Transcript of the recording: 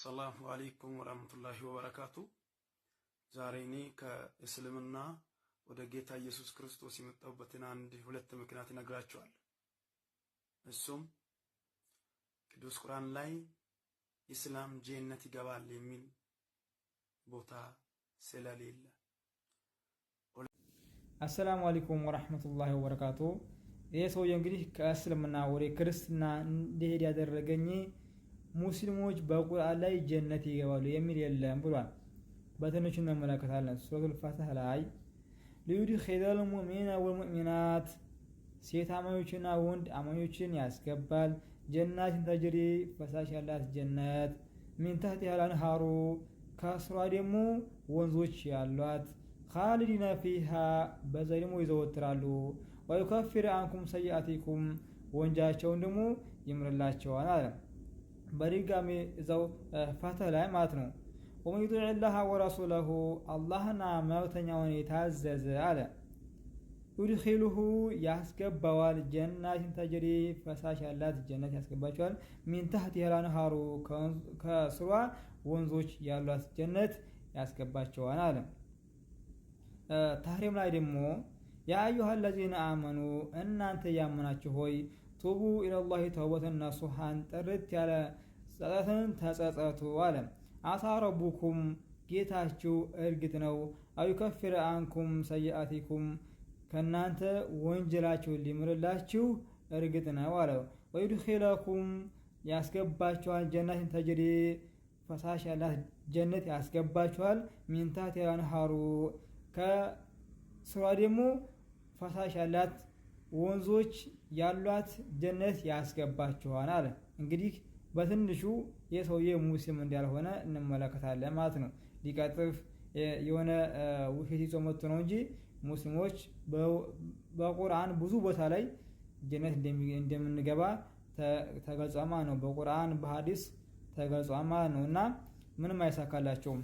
አሰላሙ አለይኩም ወራህመቱላሂ ወበረካቱ። ዛሬ እኔ ከእስልምና ወደ ጌታ ኢየሱስ ክርስቶስ የመጣሁበትን አንድ ሁለት ምክንያት እነግራችኋለሁ። እሱም ቅዱስ ቁርአን ላይ ኢስላም ጀነት ይገባል የሚል ቦታ ስለሌለ። አሰላሙ አለይኩም ወራህመቱላሂ ወበረካቱ። ይህ ሰውዬ እንግዲህ ከእስልምና ወደ ክርስትና እንዲሄድ ያደረገኝ ሙስሊሞች በቁርአን ላይ ጀነት ይገባሉ የሚል የለም ብሏል። በትንሹ እንመለከታለን። ሱረቱል ፈትህ ላይ ሊዩድኺለል ሙእሚና ወልሙእሚናት ሴት አማኞችና ወንድ አማኞችን ያስገባል። ጀናትን ተጅሪ ፈሳሽ ያላት ጀነት ሚን ያላን አልአንሃሩ ከስሯ ደግሞ ወንዞች ያሏት ኻሊዲና ፊሃ በዛ ደግሞ ይዘወትራሉ። ወዩከፊር አንኩም ሰይአቲኩም ወንጃቸውን ደግሞ ይምርላቸዋል አለ። በድጋሜ እዛው ፈተህ ላይ ማለት ነው። ወመን ዩጢዕ ላሃ ወረሱለሁ አላህና መልእክተኛውን የታዘዘ አለ ዩድኪሉሁ ያስገባዋል ጀናትን ተጅሪ ፈሳሽ ያላት ጀነት ያስገባቸዋል። ሚን ታህቲሃ አልአንሃሩ ከስሯ ወንዞች ያሏት ጀነት ያስገባቸዋል አለ። ታህሪም ላይ ደግሞ ያ አዩሃ ለዚነ አመኑ እናንተ ያመናችሁ ሆይ ቱቡ ኢለላሂ ተውበተን ነሱሐን ጥርት ያለ ጸጸትን ተጸጸቱ አለ። አሳ ረቡኩም ጌታችሁ እርግጥ ነው አዩከፍር አንኩም ሰይአቲኩም ከእናንተ ወንጀላችሁ ሊምርላችሁ እርግጥ ነው አለው። ወይድኪለኩም ያስገባችኋል ጀናትን ተጅሪ ፈሳሽ ያላት ጀነት ያስገባችኋል። ሚንታት ያንሃሩ ከስሯ ደግሞ ፈሳሽ ያላት ወንዞች ያሏት ጀነት ያስገባችኋል አለ እንግዲህ በትንሹ የሰውዬ ሙስሊም እንዳልሆነ እንመለከታለን ማለት ነው። ሊቀጥፍ የሆነ ውሸት ይዞ መጥቶ ነው እንጂ ሙስሊሞች በቁርአን ብዙ ቦታ ላይ ጀነት እንደምንገባ ተገልጿማ ነው። በቁርአን በሀዲስ ተገልጿማ ነው እና ምንም አይሳካላቸውም።